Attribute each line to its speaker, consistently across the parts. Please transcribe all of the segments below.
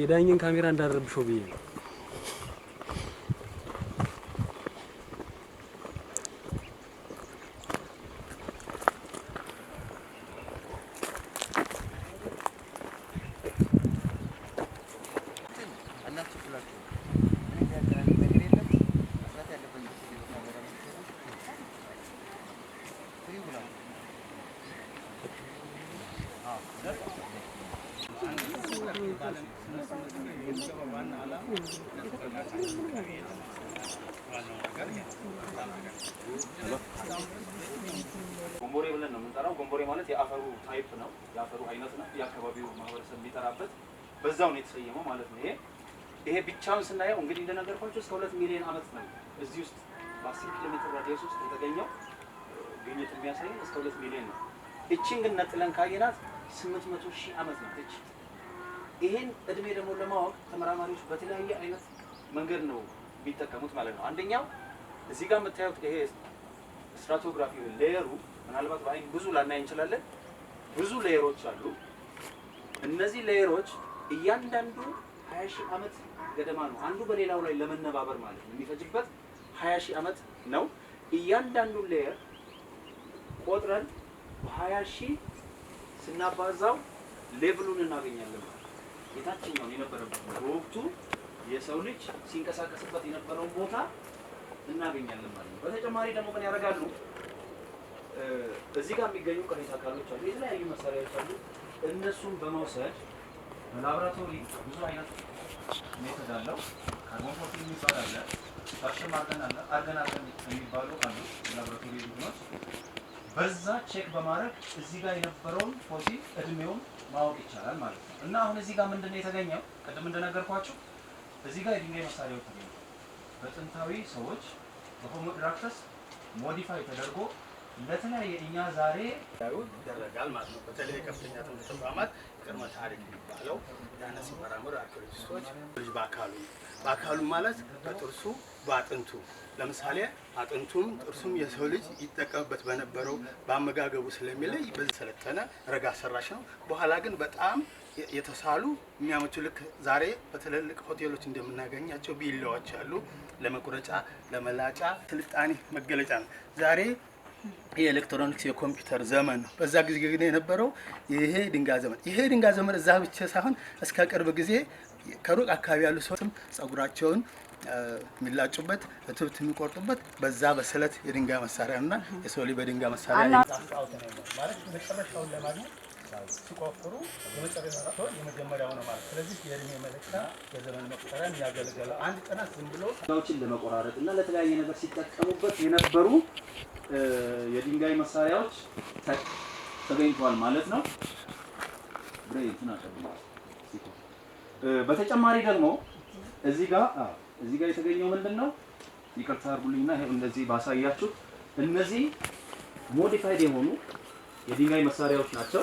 Speaker 1: የዳኝን ካሜራ እንዳረብሾ ብዬ ነው።
Speaker 2: ጎንቦሬ ማለት የአፈሩ ታይፕ ነው፣ የአፈሩ አይነት ነው፣ የአካባቢው ማህበረሰብ የሚጠራበት በዛው ነው የተሰየመው ማለት ነው። ይሄ ይሄ ብቻውን ስናየው እንግዲህ እንደነገርኳቸው እስከ ሁለት ሚሊዮን ዓመት ነው እዚህ ውስጥ በአስር ኪሎ ሜትር ራዲየስ ውስጥ የተገኘው ግኝት የሚያሳይ እስከ ሁለት ሚሊዮን ነው። እቺን ግን ነጥለን ካየናት ስምንት መቶ ሺህ ዓመት ነው እቺ። ይሄን እድሜ ደግሞ ለማወቅ ተመራማሪዎች በተለያየ አይነት መንገድ ነው የሚጠቀሙት ማለት ነው። አንደኛው እዚህ ጋር የምታዩት ይሄ ስትራቶግራፊ ሌየሩ ምናልባት በአይን ብዙ ላናይ እንችላለን። ብዙ ሌየሮች አሉ። እነዚህ ሌየሮች እያንዳንዱ ሀያ ሺህ ዓመት ገደማ ነው አንዱ በሌላው ላይ ለመነባበር ማለት ነው የሚፈጅበት ሀያ ሺህ ዓመት ነው። እያንዳንዱ ሌየር ቆጥረን በሀያ ሺህ ስናባዛው ሌቭሉን እናገኛለን ማለት የታችኛውን የነበረበት በወቅቱ የሰው ልጅ ሲንቀሳቀስበት የነበረውን ቦታ እናገኛለን ማለት ነው። በተጨማሪ ደግሞ ምን ያደርጋሉ? እዚህ ጋር የሚገኙ ቅሪተ አካሎች አሉ፣ የተለያዩ መሳሪያዎች አሉ። እነሱን በመውሰድ በላብራቶሪ ብዙ አይነት ሜተድ አለው። ካርቦን ኮፒ የሚባል አለ፣ ሰርሽም አርገን አለ አርገን አርገን የሚባሉ አሉ ላብራቶሪ ቡድኖች። በዛ ቼክ በማድረግ እዚህ ጋር የነበረውን ፎሲል እድሜውን ማወቅ ይቻላል ማለት ነው። እና አሁን እዚህ ጋር ምንድነው የተገኘው? ቅድም እንደነገርኳቸው እዚህ ጋር የድንጋይ መሳሪያዎች ተገኘ በጥንታዊ ሰዎች በሆሞ ኢራክተስ ሞዲፋይ ተደርጎ ለተለያየ እኛ ዛሬ ይደረጋል ማለት ነው። በተለይ ከፍተኛ ትምህርት ተቋማት ቅድመ ታሪክ የሚባለው ያነ ሲመራመሩ አርኪኦሎጂስቶች ልጅ በአካሉ በአካሉ ማለት በጥርሱ በአጥንቱ ለምሳሌ አጥንቱም ጥርሱም የሰው ልጅ ይጠቀምበት በነበረው በአመጋገቡ ስለሚለይ በዚህ ሰለጠነ ረጋ ሰራሽ ነው። በኋላ ግን በጣም የተሳሉ የሚያመቹ ልክ ዛሬ በትልልቅ ሆቴሎች እንደምናገኛቸው ቢላዎች አሉ። ለመቁረጫ ለመላጫ ስልጣኔ መገለጫ ነው። ዛሬ የኤሌክትሮኒክስ የኮምፒውተር ዘመን ነው። በዛ ጊዜ ግን የነበረው ይሄ ድንጋ ዘመን ይሄ ድንጋ ዘመን እዛ ብቻ ሳይሆን እስከ ቅርብ ጊዜ ከሩቅ አካባቢ ያሉ ሰዎችም ጸጉራቸውን የሚላጩበት እትብት የሚቆርጡበት በዛ በስለት የድንጋይ መሳሪያ እና የሰው ልጅ በድንጋይ መሳሪያ ማለት መጨረሻውን ለማግኘት ሲቆፍሩ የመጨረሻው የመጀመሪያው ነው ማለት። ስለዚህ የእድሜ መለኪያ የዘመን መቁጠሪያ ያገለገለ አንድ ጥናት ዝም ብሎ ችን ለመቆራረጥ እና ለተለያየ ነገር ሲጠቀሙበት የነበሩ የድንጋይ መሳሪያዎች ተገኝቷል ማለት ነው። በተጨማሪ ደግሞ እዚህ ጋር እዚህ ጋር የተገኘው ምንድን ነው? ይቅርታ አድርጉልኝና ይሄ እንደዚህ ባሳያችሁ እነዚህ ሞዲፋይድ የሆኑ የድንጋይ መሳሪያዎች ናቸው።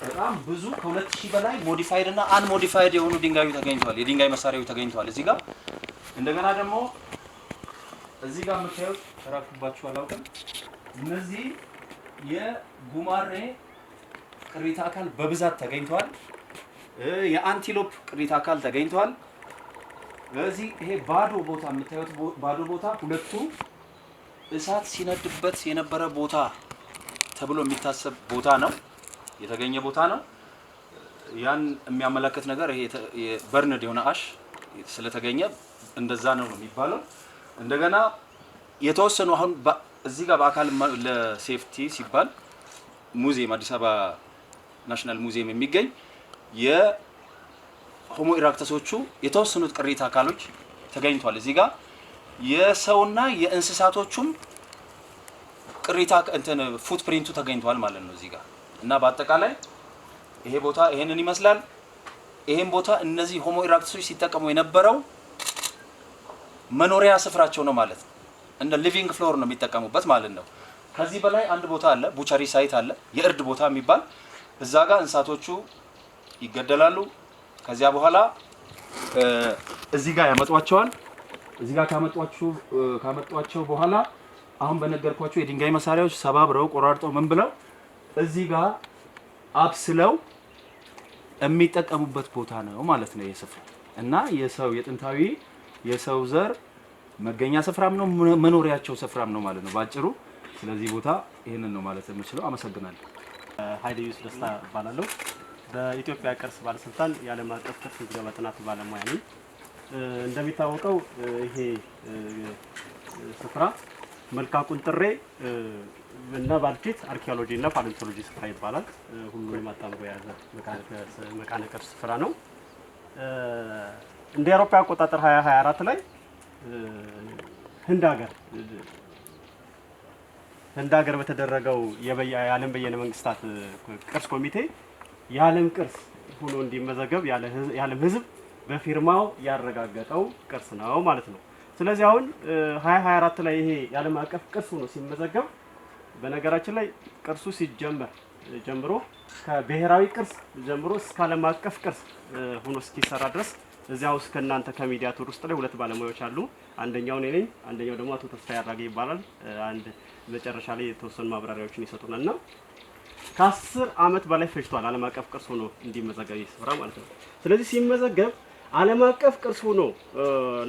Speaker 2: በጣም ብዙ ከሁለት ሺህ በላይ ሞዲፋይድ እና አን ሞዲፋይድ የሆኑ ድንጋዩ ተገኝተዋል። የድንጋይ መሳሪያዎች ተገኝተዋል። እዚህ ጋር እንደገና ደግሞ እዚህ ጋር የምታዩት ተራኩባችሁ አላውቅም። እነዚህ የጉማሬ ቅሪተ አካል በብዛት ተገኝተዋል። የአንቲሎፕ ቅሪተ አካል ተገኝተዋል። በዚህ ይሄ ባዶ ቦታ የምታዩት ባዶ ቦታ ሁለቱ እሳት ሲነድበት የነበረ ቦታ ተብሎ የሚታሰብ ቦታ ነው። የተገኘ ቦታ ነው። ያን የሚያመላክት ነገር ይሄ በርነድ የሆነ አሽ ስለተገኘ እንደዛ ነው ነው የሚባለው። እንደገና የተወሰኑ አሁን እዚህ ጋር በአካል ለሴፍቲ ሲባል ሙዚየም አዲስ አበባ ናሽናል ሙዚየም የሚገኝ የሆሞ ኢራክተሶቹ የተወሰኑት ቅሪተ አካሎች ተገኝቷል። እዚህ ጋር የሰውና የእንስሳቶቹም ቅሪታ እንትን ፕሪንቱ ተገኝቷል ማለት ነው እዚህ ጋር እና በአጠቃላይ ይሄ ቦታ ይሄንን ይመስላል። ይሄን ቦታ እነዚህ ሆሞ ኢራክተሶች ሲጠቀሙ የነበረው መኖሪያ ስፍራቸው ነው ማለት ነው። እንደ ሊቪንግ ፍሎር ነው የሚጠቀሙበት ማለት ነው። ከዚህ በላይ አንድ ቦታ አለ፣ ቡቸሪ ሳይት አለ፣ የእርድ ቦታ የሚባል እዛ ጋር እንስሳቶቹ ይገደላሉ። ከዚያ በኋላ እዚህ ጋር ያመጧቸዋል። እዚህ ጋር ካመጧችሁ ካመጧቸው በኋላ አሁን በነገርኳቸው የድንጋይ መሳሪያዎች ሰባብረው ቆራርጠው ምን ብለው እዚህ ጋር አብስለው የሚጠቀሙበት ቦታ ነው ማለት ነው የስፍራ እና የሰው የጥንታዊ የሰው ዘር መገኛ ስፍራም ነው መኖሪያቸው ስፍራም ነው ማለት ነው ባጭሩ። ስለዚህ ቦታ ይህንን ነው ማለት የምችለው። አመሰግናለሁ። ሀይሌ ዩስ ደስታ እባላለሁ። በኢትዮጵያ ቅርስ ባለስልጣን የዓለም አቀፍ ቅርስ ምዝገባ ጥናት ባለሙያ ነኝ። እንደሚታወቀው ይሄ ስፍራ መልካ ቁንጥሬ እና ባልቲት አርኪኦሎጂ እና ፓሊንቶሎጂ ስፍራ ይባላል። ሁሉንም አጣምሮ የያዘ መካነ ቅርስ ስፍራ ነው። እንደ አውሮፓ አቆጣጠር 2024 ላይ ህንድ ሀገር ህንድ ሀገር በተደረገው የዓለም በየነ መንግስታት ቅርስ ኮሚቴ የዓለም ቅርስ ሆኖ እንዲመዘገብ የዓለም ህዝብ በፊርማው ያረጋገጠው ቅርስ ነው ማለት ነው። ስለዚህ አሁን 2024 ላይ ይሄ የዓለም አቀፍ ቅርስ ሆኖ ሲመዘገብ በነገራችን ላይ ቅርሱ ሲጀመር ጀምሮ ከብሔራዊ ቅርስ ጀምሮ እስከ ዓለም አቀፍ ቅርስ ሆኖ እስኪሰራ ድረስ እዚያው እስከ እናንተ ከሚዲያ ቱር ውስጥ ላይ ሁለት ባለሙያዎች አሉ። አንደኛው እኔ ነኝ፣ አንደኛው ደግሞ አቶ ተስፋ ያራገ ይባላል። አንድ መጨረሻ ላይ የተወሰኑ ማብራሪያዎችን ይሰጡናል ና ከአስር አመት በላይ ፈጅቷል ዓለም አቀፍ ቅርስ ሆኖ እንዲመዘገብ ስራ ማለት ነው። ስለዚህ ሲመዘገብ ዓለም አቀፍ ቅርስ ሆኖ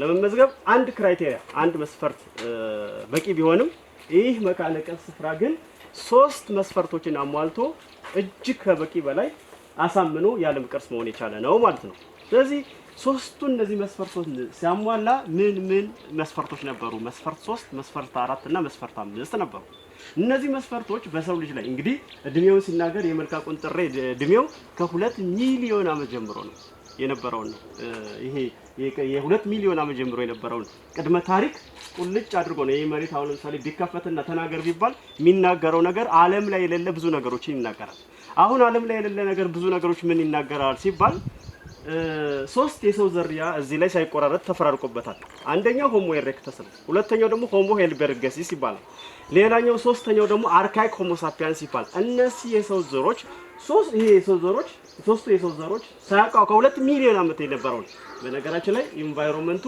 Speaker 2: ለመመዝገብ አንድ ክራይቴሪያ አንድ መስፈርት በቂ ቢሆንም ይህ መካነ ቀብር ስፍራ ግን ሶስት መስፈርቶችን አሟልቶ እጅግ ከበቂ በላይ አሳምኖ የዓለም ቅርስ መሆን የቻለ ነው ማለት ነው። ስለዚህ ሶስቱ እነዚህ መስፈርቶች ሲያሟላ ምን ምን መስፈርቶች ነበሩ? መስፈርት ሶስት መስፈርት አራት እና መስፈርት አምስት ነበሩ። እነዚህ መስፈርቶች በሰው ልጅ ላይ እንግዲህ እድሜውን ሲናገር የመልካ ቁንጥሬ እድሜው ከሁለት ሚሊዮን ዓመት ጀምሮ ነው የነበረውን ይሄ የሁለት ሚሊዮን ዓመት ጀምሮ የነበረውን ቅድመ ታሪክ ቁልጭ አድርጎ ነው ይህ መሬት አሁን ለምሳሌ ቢከፈትና ተናገር ቢባል የሚናገረው ነገር ዓለም ላይ የሌለ ብዙ ነገሮችን ይናገራል። አሁን ዓለም ላይ የሌለ ነገር ብዙ ነገሮች ምን ይናገራል ሲባል ሶስት የሰው ዝርያ እዚህ ላይ ሳይቆራረጥ ተፈራርቆበታል። አንደኛው ሆሞ ኤሬክተስ ነው። ሁለተኛው ደግሞ ሆሞ ሄልበርገሲስ ይባላል። ሌላኛው ሶስተኛው ደግሞ አርካይክ ሆሞ ሳፒያንስ ይባላል። እነዚህ የሰው ዘሮች ሶስት ይሄ የሰው ዘሮች ሶስቱ የሰው ዘሮች ሳያውቃው ከሁለት ሚሊዮን ዓመት የነበረውን በነገራችን ላይ ኢንቫይሮንመንቱ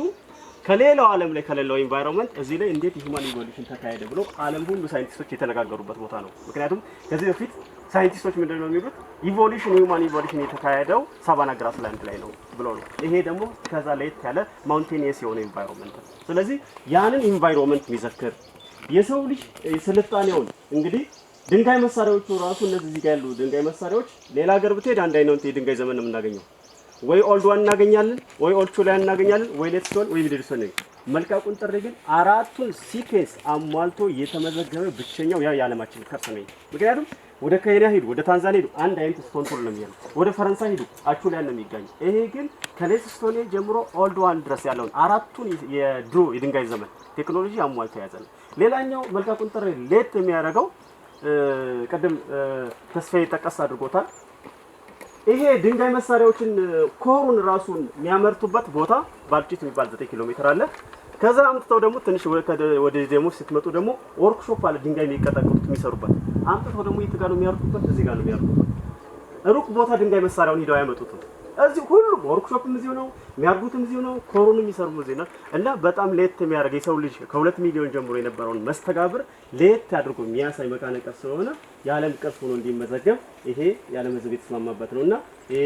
Speaker 2: ከሌላው ዓለም ላይ ከሌላው ኢንቫይሮንመንት እዚህ ላይ እንዴት ሂውማን ኢቮሉሽን ተካሄደ ብሎ ዓለም ሁሉ ሳይንቲስቶች የተነጋገሩበት ቦታ ነው። ምክንያቱም ከዚህ በፊት ሳይንቲስቶች ምንድን ነው የሚሉት ኢቮሉሽን ሂውማን ኢቮሉሽን የተካሄደው ሳቫና ግራስላንድ ላይ ነው ብሎ ነው። ይሄ ደግሞ ከዛ ለየት ያለ ማውንቴኒየስ የሆነ ኢንቫይሮንመንት ነው። ስለዚህ ያንን ኢንቫይሮንመንት የሚዘክር የሰው ልጅ ስልጣኔውን እንግዲህ ድንጋይ መሳሪያዎቹ ራሱ እነዚህ እዚህ ጋር ያሉ ድንጋይ መሳሪያዎች ሌላ ሀገር ብትሄድ አንድ አይነት የድንጋይ ዘመን ነው የምናገኘው። ወይ ኦልድ ዋን እናገኛለን፣ ወይ ኦልድ ቱ ላይ እናገኛለን፣ ወይ ሌትስ ኦል ወይ ሚድል ሶል ነው። መልካ ጥሪ ግን አራቱን ሲኬንስ አሟልቶ የተመዘገበ ብቸኛው ያ የዓለማችን ከርሰ ነው። ምክንያቱም ወደ ኬንያ ሄዱ፣ ወደ ታንዛኒያ ሄዱ፣ አንድ አይነት ስቶን ቶል ነው የሚያለው። ወደ ፈረንሳይ ሄዱ፣ አቹ ላይ ነው የሚገኘው። ይሄ ግን ከሌትስ ስቶን ጀምሮ ኦልድ ዋን ድረስ ያለውን አራቱን የድሮ የድንጋይ ዘመን ቴክኖሎጂ አሟልቶ የያዘ ነው። ሌላኛው መልካ ጥሪ ሌት የሚያደርገው ቅድም ተስፋዬ ጠቀስ አድርጎታል። ይሄ ድንጋይ መሳሪያዎችን ኮሩን ራሱን የሚያመርቱበት ቦታ ባልጭት የሚባል 9 ኪሎ ሜትር አለ። ከዛ አምጥተው ደግሞ ትንሽ ወደ ዜሞ ስትመጡ ደግሞ ወርክሾፕ አለ። ድንጋይ የሚቀጠቅጡት የሚሰሩበት አምጥተው ደግሞ የት ጋር ነው የሚያርፉበት? እዚህ ጋር ነው የሚያርፉበት። ሩቅ ቦታ ድንጋይ መሳሪያውን ሂደው አያመጡትም። እዚህ ሁሉም ወርክሾፕም እዚሁ ነው የሚያርጉትም እዚሁ ነው ኮሮኑ የሚሰሩ እዚሁ ነው። እና በጣም ለየት የሚያደርግ የሰው ልጅ ከሁለት ሚሊዮን ጀምሮ የነበረውን መስተጋብር ለየት አድርጎ የሚያሳይ መካነ ቅርስ ስለሆነ የዓለም ቅርስ ሆኖ እንዲመዘገብ ይሄ የዓለም ሕዝብ የተስማማበት ነው እና ይሄ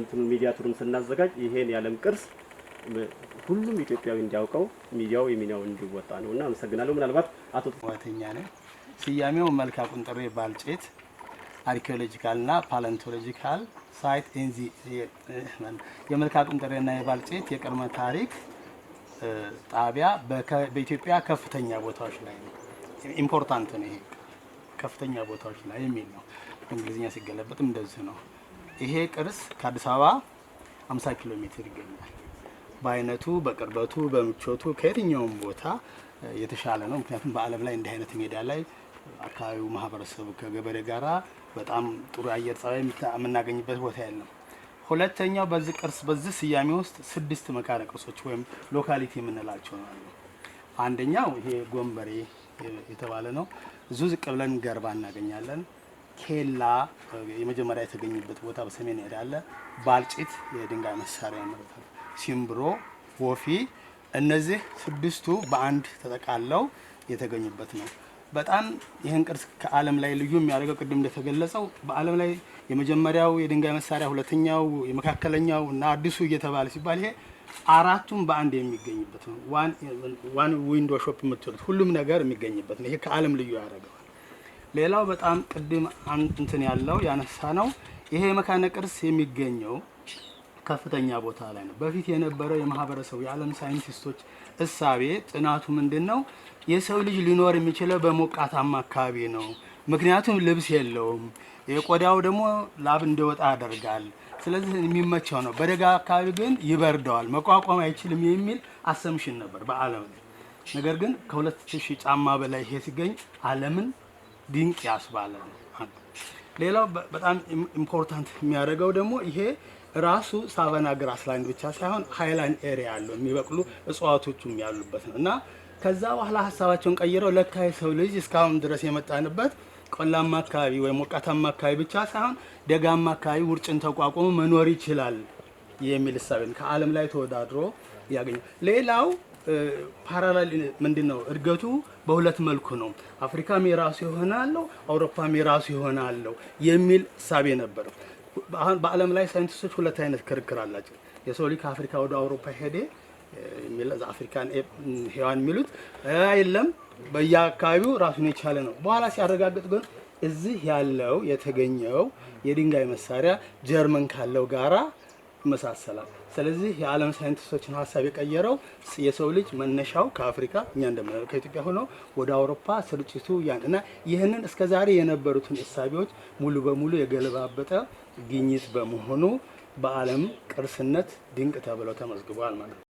Speaker 2: እንትኑ ሚዲያ ቱርም ስናዘጋጅ ይሄን የዓለም ቅርስ ሁሉም ኢትዮጵያዊ እንዲያውቀው ሚዲያው የሚናውን እንዲወጣ ነው እና አመሰግናለሁ። ምናልባት አቶ ዋተኛ ነህ ስያሜው መልካ ቁንጥሬ ባልጬት አርኪኦሎጂካል ና ፓለንቶሎጂካል ሳይት ኤንዚ የመልካ ቁንጥሬና የባልጭት የቅድመ ታሪክ ጣቢያ በኢትዮጵያ ከፍተኛ ቦታዎች ላይ ነው። ኢምፖርታንት ነው ይሄ ከፍተኛ ቦታዎች ላይ የሚል ነው። እንግሊዝኛ ሲገለበጥም እንደዚህ ነው። ይሄ ቅርስ ከአዲስ አበባ 50 ኪሎ ሜትር ይገኛል። በአይነቱ፣ በቅርበቱ፣ በምቾቱ ከየትኛውም ቦታ የተሻለ ነው። ምክንያቱም በዓለም ላይ እንዲህ አይነት ሜዳ ላይ አካባቢው ማህበረሰብ ከገበሬ ጋራ በጣም ጥሩ የአየር ጸባይ የምናገኝበት ቦታ የለም። ሁለተኛው በዚህ ቅርስ በዚህ ስያሜ ውስጥ ስድስት መካነ ቅርሶች ወይም ሎካሊቲ የምንላቸው ነው። አንደኛው ይሄ ጎንበሬ የተባለ ነው። ዝቅ ብለን ገርባ እናገኛለን። ኬላ የመጀመሪያ የተገኘበት ቦታ በሰሜን ሄዳለ። ባልጭት የድንጋይ መሳሪያ ያመርታል። ሲምብሮ፣ ወፊ እነዚህ ስድስቱ በአንድ ተጠቃለው የተገኙበት ነው። በጣም ይህን ቅርስ ከዓለም ላይ ልዩ የሚያደርገው ቅድም እንደተገለጸው በዓለም ላይ የመጀመሪያው የድንጋይ መሳሪያ፣ ሁለተኛው የመካከለኛው እና አዲሱ እየተባለ ሲባል ይሄ አራቱም በአንድ የሚገኝበት ነው። ዋን ዊንዶ ሾፕ የምትሉት ሁሉም ነገር የሚገኝበት ነው። ይሄ ከዓለም ልዩ ያደርገዋል። ሌላው በጣም ቅድም እንትን ያለው ያነሳ ነው። ይሄ የመካነ ቅርስ የሚገኘው ከፍተኛ ቦታ ላይ ነው። በፊት የነበረው የማህበረሰቡ የዓለም ሳይንቲስቶች እሳቤ ጥናቱ ምንድን ነው? የሰው ልጅ ሊኖር የሚችለው በሞቃታማ አካባቢ ነው። ምክንያቱም ልብስ የለውም። የቆዳው ደግሞ ላብ እንዲወጣ ያደርጋል። ስለዚህ የሚመቸው ነው። በደጋ አካባቢ ግን ይበርደዋል፣ መቋቋም አይችልም የሚል አሰምሽን ነበር በዓለም ላይ። ነገር ግን ከ2000 ጫማ በላይ ይሄ ሲገኝ ዓለምን ድንቅ ያስባለ ነው። ሌላው በጣም ኢምፖርታንት የሚያደርገው ደግሞ ይሄ ራሱ ሳቫና ግራስላንድ ብቻ ሳይሆን ሃይላንድ ኤሪያ አለው የሚበቅሉ እጽዋቶቹም ያሉበት ነው እና ከዛ በኋላ ሀሳባቸውን ቀይረው ለካ የሰው ልጅ እስካሁን ድረስ የመጣንበት ቆላማ አካባቢ ወይም ሞቃታማ አካባቢ ብቻ ሳይሆን ደጋማ አካባቢ ውርጭን ተቋቁሞ መኖር ይችላል የሚል እሳቤን ከዓለም ላይ ተወዳድሮ ያገኘ ሌላው ፓራላል ምንድን ነው እድገቱ በሁለት መልኩ ነው። አፍሪካም የራሱ ይሆናለው፣ አውሮፓም የራሱ ይሆናለው የሚል እሳቤ ነበር። አሁን በዓለም ላይ ሳይንቲስቶች ሁለት አይነት ክርክር አላቸው። የሰው ልጅ ከአፍሪካ ወደ አውሮፓ ሄደ አፍሪካን ሔዋን የሚሉት የለም፣ በየአካባቢው ራሱን የቻለ ነው። በኋላ ሲያረጋግጥ ግን እዚህ ያለው የተገኘው የድንጋይ መሳሪያ ጀርመን ካለው ጋራ ይመሳሰላል። ስለዚህ የዓለም ሳይንቲስቶችን ሀሳብ የቀየረው የሰው ልጅ መነሻው ከአፍሪካ እኛ እንደምንለው ከኢትዮጵያ ሆኖ ወደ አውሮፓ ስርጭቱ ያን እና ይህንን እስከዛሬ የነበሩትን እሳቢዎች ሙሉ በሙሉ የገለባበጠ ግኝት በመሆኑ በዓለም ቅርስነት ድንቅ ተብሎ ተመዝግቧል ማለት ነው።